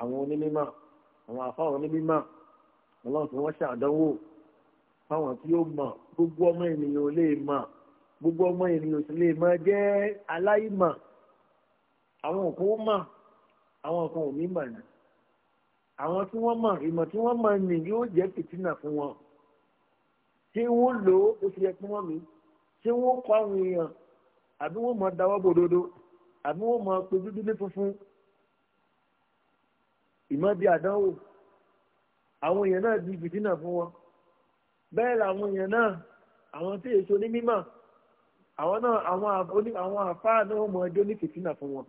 àwọn onímọ̀ àwọn àfáwọn onímọ̀ ọlọ́run tí wọ́n ṣàdánwò fáwọn tí ó mọ̀ gbogbo ọmọ ènìyàn lè mọ̀ gbogbo ọmọ ènìyàn sì lè mọ̀ jẹ́ aláìmọ̀ àwọn òkú mọ̀ àwọn kan ò ní mọ̀ ní àwọn tí wọ́n mọ̀ ìmọ̀ tí wọ́n mọ̀ ní yóò jẹ́ fìtínà fún wọn ṣé wọ́n lò ó ó ti yẹ kí wọ́n mi ṣé wọ́n kọ́ àwọn èèyàn àbí wọ́n mọ̀ dáwọ́ bòdodo àbí wọ́n mọ̀ pé dúdú ní funfun ìmọ̀ bíi àdánwò àwọn èèyàn náà di fìtínà fún wọn bẹ́ẹ̀ làwọn èèyàn náà àwọn tí èso ní mímọ̀ àwọn náà àwọn àfáà náà mọ ẹjọ́ ní fìtínà fún wọn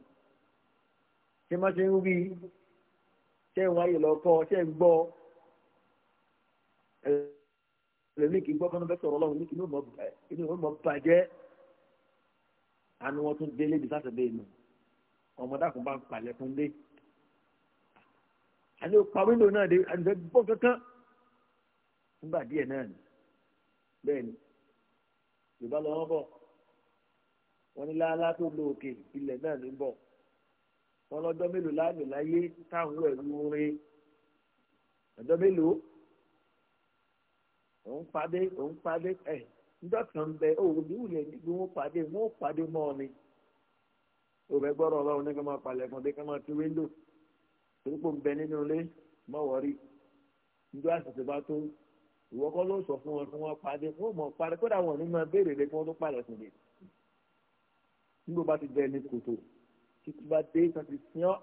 ṣé má ṣe ń rí ṣé ń wáyé lọ́kọ́ ṣé ń gbọ́ ẹlẹ́mí kì í gbọ́ fún ọ̀rọ̀ ọlọ́run ní kí inú ìwọ́n mọ̀ bàjẹ́ àánú wọn tún délé bí sátidé nù ọmọdé àkùnbá ń palẹ̀ fún dé àti ó pa wíńdò náà dé àti fẹ́ bọ́ kankan nígbà díẹ̀ náà ni bẹ́ẹ̀ ni yorùbá lọ wọ́n bọ̀ wọ́n ní láàlá tó lo òkè ilẹ̀ náà ní bọ̀ wọ́n lọ́jọ́ mélòó láàyè láyé táwọn ẹ̀rú orin ọjọ́ mélòó òun padé òun padé ẹ̀ níjọ́ kan bẹ òòlù ìwúlẹ̀ níbi wọn padé wọn ò mọ́ ọ ni òun fẹ́ gbọ́dọ̀ ọlọ́run ní ká máa palẹ̀kùn dé ká máa ti wíńdò torí pé ń bẹ nínú ilé mọ́ wọ́rí njọ́ àṣìṣe bá tó ìwọ kọ́ ló sọ fún wọn fún wọn pàdé fún ọmọ pàdé kódà wọn ní máa béèrè rẹ kí wọ́n tó pàdé fún mi nígbà bá ti bẹ ní kòtò títí bá dé kan ti sìn ọ́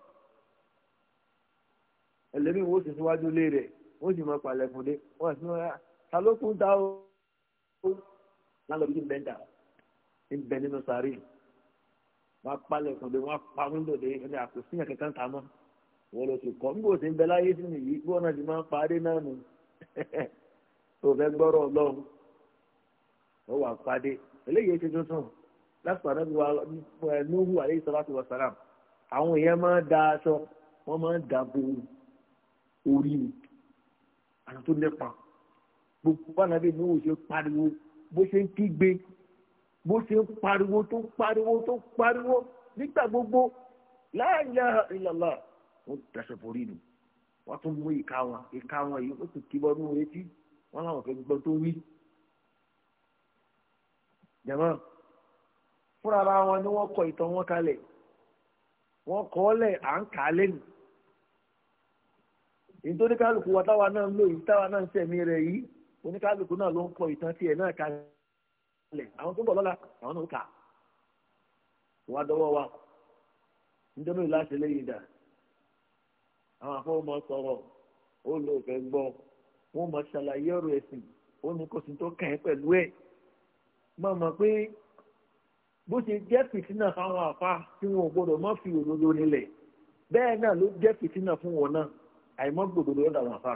ẹlẹ́mìí wo sì síwájú lé rẹ̀ wọ́n sì máa pàlẹ̀ fún dé wọ́n sì máa ta ló kún ta ó lálọ́bí tí ń ń bẹ nínú sàárì wọ́n pàlẹ̀ fún dé wọ́n pa wíńdò dé ẹni àpò síyàn kankan ta mọ́ wọ́n lọ sí kọ́ńgò tí ń bẹ láyé sí nìyí bí wọ́n náà ti máa ń parí náà nù tó fẹ́ gbọ́rọ̀ ọlọ́run ó wà pàdé eléyìí ti tuntun láti pàdé wa eh, nuhu aleyhi salatu wa salam àwọn èèyàn máa ń da aṣọ wọ́n máa ń da bo orí ni àti tó nípa gbogbo bá nàbí nuhu ṣe pariwo bó ṣe ń kígbe bó ṣe ń pariwo tó pariwo tó pariwo nígbà gbogbo la ilaha wọ́n daṣọ forí nù wọ́n tún mú ìka wọn ìka wọn yìí wọ́n tún ní etí wọ́n fẹ́ gbọ́ tó wí. jẹ̀mọ́ fúnra wọn ni wọ́n kọ ìtàn wọn kalẹ̀ wọ́n kọ́ ọ́ lẹ̀ à ń kà á lẹ́nu wa táwa náà ń lò yìí táwa náà ń sẹ̀mí rẹ̀ yìí náà ló ń kọ ìtàn tiẹ̀ náà kalẹ̀ àwọn tó bọ̀ lọ́la àwọn náà kà wa nítorí láti dáa. àwọn afọwọ́mọ sọ̀rọ̀ ó lò fẹ́ gbọ́ wọn mọ ṣàlàyé ọ̀rọ̀ ẹ̀sìn ó ní kò sí tó kàn ẹ́ pẹ̀lú ẹ̀ mọ̀ mọ̀ pé bó ṣe jẹ́ fìtínà fáwọn àfa tí wọn ò gbọdọ̀ mọ́ fi òdodo nílẹ̀ bẹ́ẹ̀ náà ló jẹ́ fìtínà fún wọn náà àìmọ́ gbòdodo lọ́dọ̀ àwọn àfa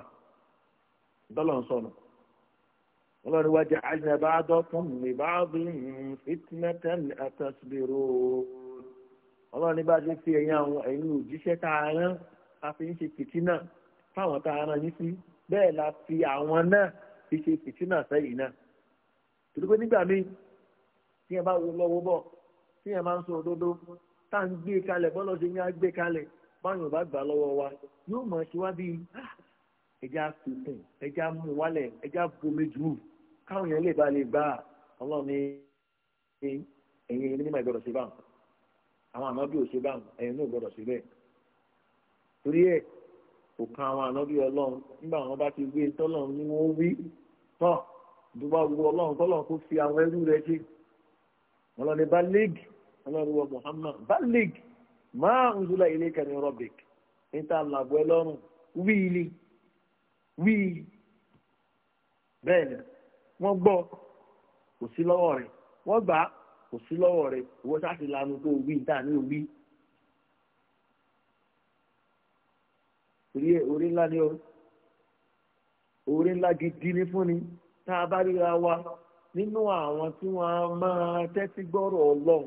dọ́là ń sọnù ọlọ́run wá jẹ́ àjẹbá dọ́kùn lè bá bí fitinatẹ́lì àtàsíbèrò ọlọ́run bá ṣe fi ẹ̀yìn àwọn ẹ̀yìn òjíṣẹ́ tá a rán a fi ń ṣe fìtínà fáwọn tá a rán yín sí bẹ́ẹ̀ la fi àwọn náà fi ṣe fìtínà sẹ́yìn náà torí pé nígbà míì tí yẹn bá wo lọ́wọ́ bọ̀ tí yẹn máa ń sọ òdodo tá à ń gbé kalẹ̀ bọ́lọ̀ ṣe ń yá gbé kalẹ̀ báyọ̀ bá gbà lọ́wọ́ wa yóò mọ̀ ṣe wá bíi ah, ẹja fìkùn ẹja mú wálẹ̀ ẹja bomi jù káwọn yẹn lè ba lè gbà ọlọ́run ní ẹ̀yin ní torí ẹ̀ kò kan àwọn ànábì ọlọ́run nígbà wọn bá ti gbé tọ́lọ́run n'iwu wọ́n wí tọ́ dùbà wo ọlọ́run tọ́lọ́run kò fi àwọn ẹrú rẹ̀ ṣe wọn lọ́ni bá Muhammad bá máa ń zula ilé kẹrin níta wíìlì ni wọ́n kò sí lọ́wọ́ rẹ̀ wọ́n gbà kò sí ṣáà orí ẹ orí ńlá ni ọ orí ńlá gidi ni fún ni tá a bá ríra wa nínú àwọn tí wọn á máa tẹ́tí gbọ́rọ̀ ọlọ́run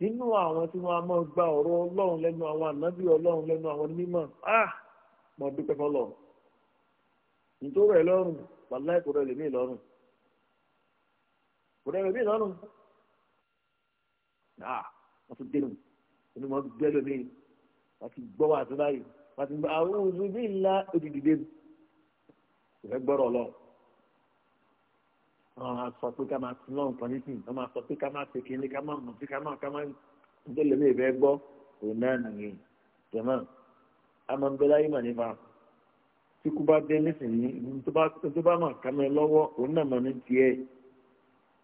nínú àwọn tí wọn á máa gba ọ̀rọ̀ ọlọ́run lẹ́nu àwọn ànábì ọlọ́run lẹ́nu àwọn onímọ̀ ah mo dúpẹ́ fọlọ́ nítorí ẹ lọ́rùn wàláì kò rẹ lèmi lọ́rùn kò rẹ lèmi lọ́rùn ah wọ́n ti dénú onímọ̀ gbẹ́lómi wọ́n ti gbọ́ wà sí báyìí wàtí gba àwọn oṣù bí ńlá odidide ìfẹ́ gbọ́rọ̀ lọ. wọ́n á sọ pé ká máa ti lọ́n kan nísìnyí wọ́n máa sọ pé ká máa ṣe kínní ká máa mọ̀ sí ká máa ká máa ń tó lè lè fẹ́ gbọ́ òun náà nìyẹn tẹ̀mọ́ àmọ́ ń bẹ láyé mà nípa tí kú bá dé nísìnyí tó bá mà ká mẹ́ lọ́wọ́ òun náà mà ní tiẹ̀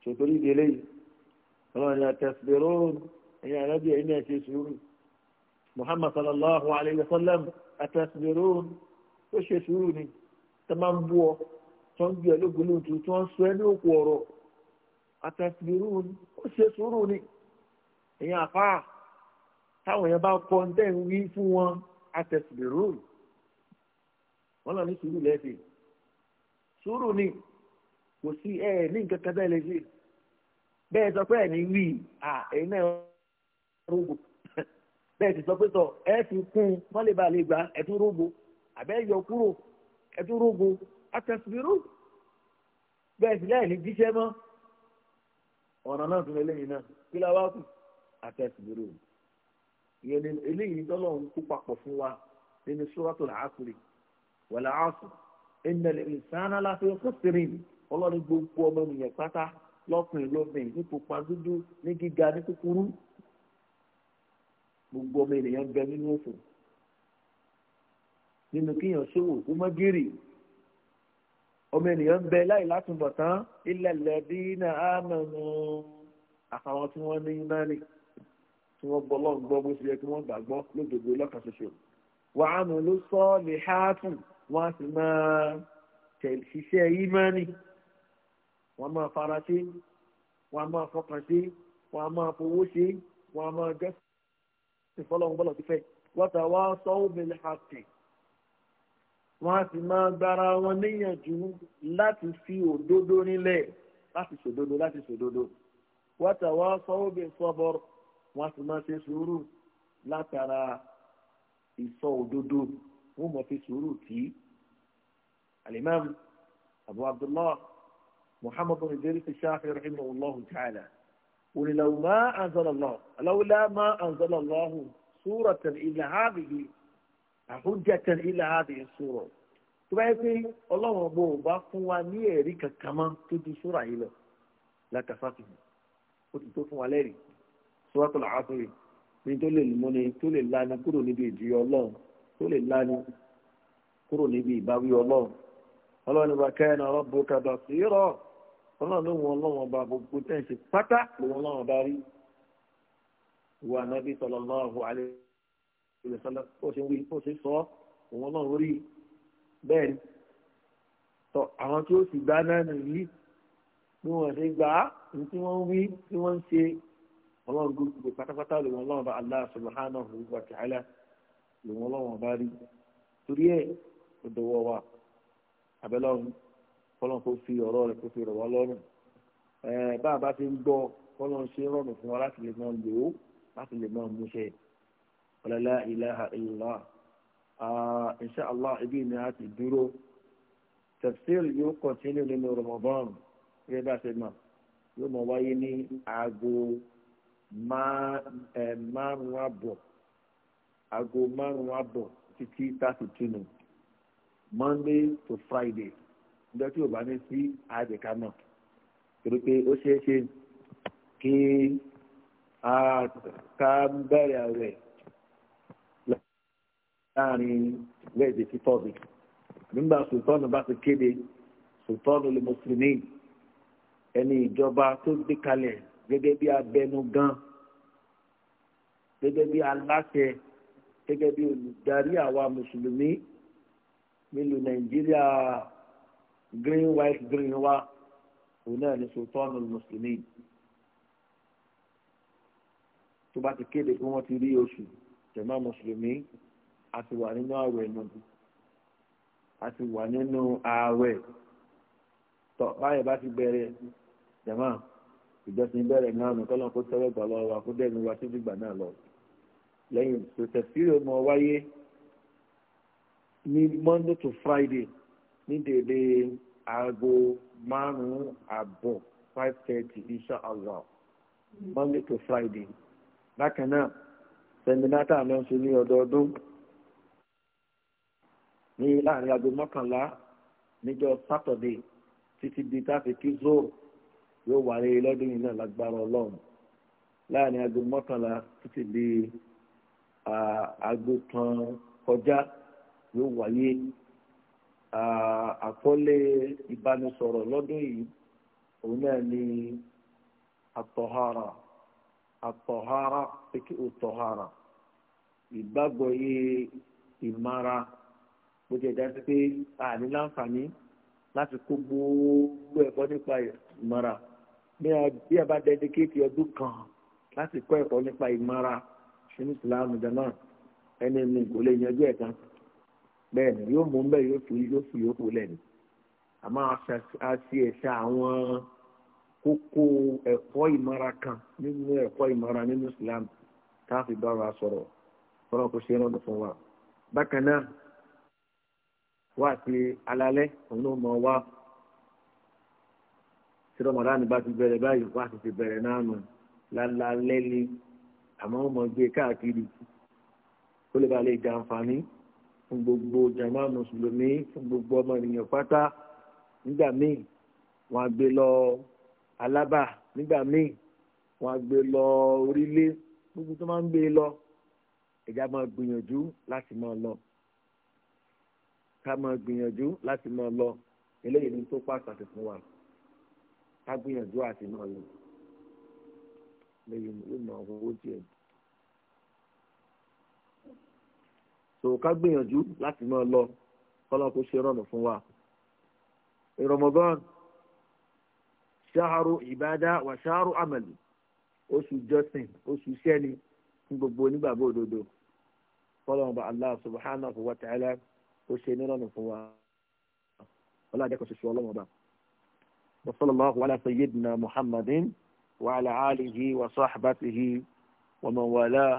ṣòtò ìdílé yìí ọlọ́run ni àtẹ̀síbẹ̀rọ̀ ẹ̀yin àrẹ́bí ẹ̀yin náà muhammad sallallahu alaihi wa sallam àtàkùnrin ó ṣe suru ni ta ma n bu ọ tó ń ọ ẹ lógúnlóòtú tó n sọ ẹ ní òkú ọ̀rọ̀ àtàkùnrin ṣe suru ni èèyàn àfáà táwọn èèyàn bá kọ́ ń tẹ̀ ń wí fún wọn àtàkùnrin wọn lọ ní ni kò sí ẹ ní nǹkan kan bẹ́ẹ̀ bẹ́ẹ̀ ti sọ pé tọ̀ ẹ fi kún un wọ́n lè ba lè gbà ẹ̀tún rúgbó àbẹ́ yọ kúrò ẹ̀tún rúgbó àtẹ̀síbírú bẹ́ẹ̀ sì lẹ́yìn ní jíṣẹ́ mọ́ ọ̀nà náà tún eléyìí náà kí la wá kù àtẹ̀síbírú ìyẹn eléyìí tọ́lọ̀ ń papọ̀ fún wa nínú ọlọ́run gbogbo ọmọ pátá lọ́kùnrin gbogbo ọmọ ènìyàn bẹ nínú òfò nínú kíyàn ṣòwò kó mọ gírì ọmọ ènìyàn bẹ láì látúbọ̀tán ilẹ̀lẹ̀ dínà ámẹ́nu àfàwọn tí wọ́n ní mẹ́rin tí wọ́n gbọ́ lọ́n gbọ́ bó ṣe yẹ kí wọ́n gbàgbọ́ lódodo lọ́kàn ṣoṣo wà á ló sọ lè háàtù wọ́n á sì máa ṣiṣẹ́ yìí mẹ́rin wọ́n máa fara sí wọ́n máa fọkàn sí wọ́n máa fowó sí wọ́n máa gẹ́sì ìfọlọ́run bọ́lọ̀ ti fẹ́ wọ́tà wá sọ́wọ́ bẹ̀lẹ̀ àti wọ́n á sì máa gbára wọn níyànjú láti fi òdodo nílẹ̀ láti sòdodo láti sòdodo wọ́tà wá sọ́wọ́ bẹ̀ sọ́bọ̀rọ̀ wọ́n á sì máa ṣe sùúrù látara ìsọ òdodo wọ́n mọ̀ fi sùúrù tí alimami abu abdullah muhammadu idris shafi rahimahu allah ta'ala. ولو ما أنزل الله لولا ما أنزل الله سورة إلى هذه حجة إلى هذه السورة تبعي الله أبو بفواني ريكا كما تدي سورة إلا لا كفاته وتتوفوا عليه سورة العصر ní tó lè múni tó lè lani kúrò níbi ìdíyọ ọlọ́run tó lè lani kúrò الله. ìbáwí ọlọ́run ọlọ́run ní bàkẹ́ ọlọ́run ló wọn ọlọ́run ọba gbogbo tẹ́ǹsì pátá lòun ọlọ́run ọba rí ìwà ànábì sallallahu alaihi wasallam ó ṣe ń wí ó ṣe sọ òun ọlọ́run rí bẹ́ẹ̀ ni tọ àwọn tí ó sì gbá náà nìyí bí wọ́n ṣe gbà á ní tí wọ́n ń wí tí wọ́n ń ṣe ọlọ́run gbogbo pátápátá lòun ọlọ́run ọba Allah subhanahu wa ta'ala lòun ọlọ́run ọba rí torí ẹ̀ ọ̀dọ̀wọ̀ wa àbẹ́lọ́run kọ́lọ́n kó fi ọ̀rọ̀ rẹ̀ kó fi rọ̀ wá lọ́rùn bá a bá ti ń gbọ́ kọ́lọ́n ṣe rọrùn fún wa láti lè máa lò ó láti lè máa mú ṣe ọ̀làlá ilaha illallah insha allah ibi ni a ti dúró tafsir yóò kọ́ntínú nínú Ramadan bí bá ṣe mọ̀ yóò mọ̀ wáyé ní aago márùn-ún àbọ̀ aago márùn-ún àbọ̀ títí tá a fi túnú Monday to Friday níjọ́ tí ò bá ní sí àjẹká náà torí pé ó ṣeé ṣe kí ká bẹ̀rẹ̀ rẹ̀ láàrin wẹ́ẹ̀dì sí tọ́bi nígbà sultana bá ti kéde sultana lè mùsùlùmí ẹni ìjọba tó gbé kalẹ̀ gẹ́gẹ́ bí abẹnugan gẹ́gẹ́ bí aláṣẹ gẹ́gẹ́ bí olùdarí àwa mùsùlùmí nílùú nàìjíríà green white green wa òun ni ní sultan muslimin tó bá ti kéde pé wọ́n ti rí oṣù jẹ̀mọ́ mùsùlùmí a ti wà nínú ààwẹ̀ náà a ti wà nínú ààwẹ̀ tọ́ báyìí bá ti bẹ̀rẹ̀ jẹ̀mọ́ ìjọsìn bẹ̀rẹ̀ náà nù kọ́lọ́n kó tẹ́wọ́ gbà lọ́wọ́ wa kó dẹ́nu wa títí gbà náà lọ. lẹ́yìn tòtẹ̀síìrì ọmọ wáyé ní Monday to Friday ní dédé aago márùn-ún àbọ̀ five thirty insha allah monday to friday bákan náà sẹminátà ló ń ṣe ní ọdọọdún ní láàrin aago mọ́kànlá níjọ́ saturday títí di táfi kí zoo yóò wáyé lọ́dún yìí náà lágbára ọlọ́run láàrin aago mọ́kànlá títí di aago kan kọjá yóò wáyé Ah, àkọlé ìbánisọ̀rọ̀ lọ́dún yìí òun náà ni àtọ̀hárà àtọ̀hárà pẹ̀kí òtọ̀hárà ìgbàgbọ́ yìí ìmara bó ti dá pé àní láǹfààní láti kó gbogbo ẹ̀kọ́ nípa ìmara bí a bá dẹ́díkéètì ọdún kan láti kọ́ ẹ̀kọ́ nípa ìmara sínú ìsìlámù jẹ́ náà ẹni mi kò lè yanjú ẹ̀ bẹ́ẹ̀ ni yóò mú un bẹ́ẹ̀ yóò fi yóò fi yòókù lẹ́nu àmọ́ a ṣe ẹ̀ṣà àwọn kókó ẹ̀kọ́ ìmọ̀ra kan nínú ẹ̀kọ́ ìmọ̀ra nínú Islam tá a fi bá wa sọ̀rọ̀ fọlọ́ kó ṣe rán fún wa bákan náà wá sí alalẹ́ òun náà mọ̀ wá tí rọmọdánù bá ti bẹ̀rẹ̀ báyìí wá sì ti bẹ̀rẹ̀ náà nù ni àmọ́ wọn mọ̀ gbé káàkiri kó lè ba lè jàǹfààní fún gbogbo jama mùsùlùmí fún gbogbo ọmọ ènìyàn pátá nígbà míì wọ́n á gbé lọ Alábà nígbà míì wọ́n á gbé lọ Orílé gbogbo tó máa ń gbé e lọ ẹ̀já máa gbìyànjú láti máa lọ ká máa gbìyànjú láti máa lọ eléyìí ní tó pàtàkì fún wa ká gbìyànjú àti máa lọ lẹ́yìn ló máa owó díẹ̀ jù. so ká gbìyànjú láti máa lọ kọ́lá kó ṣe rọ̀nà fún wa. Ramadan ṣáàrù ìbádá wà ṣáàrù àmàlì oṣù jọ́sìn oṣù sẹ́ni fún gbogbo onígbàgbọ́ òdodo kọ́lá ọba Allah subhanahu wa ta'ala kó ṣe ní rọ̀nà fún wa. Ọlá àjẹkọ̀ ṣoṣo ọlọ́wọ́n bá. وصلى الله على سيدنا محمد وعلى آله وصحبه ومن والاه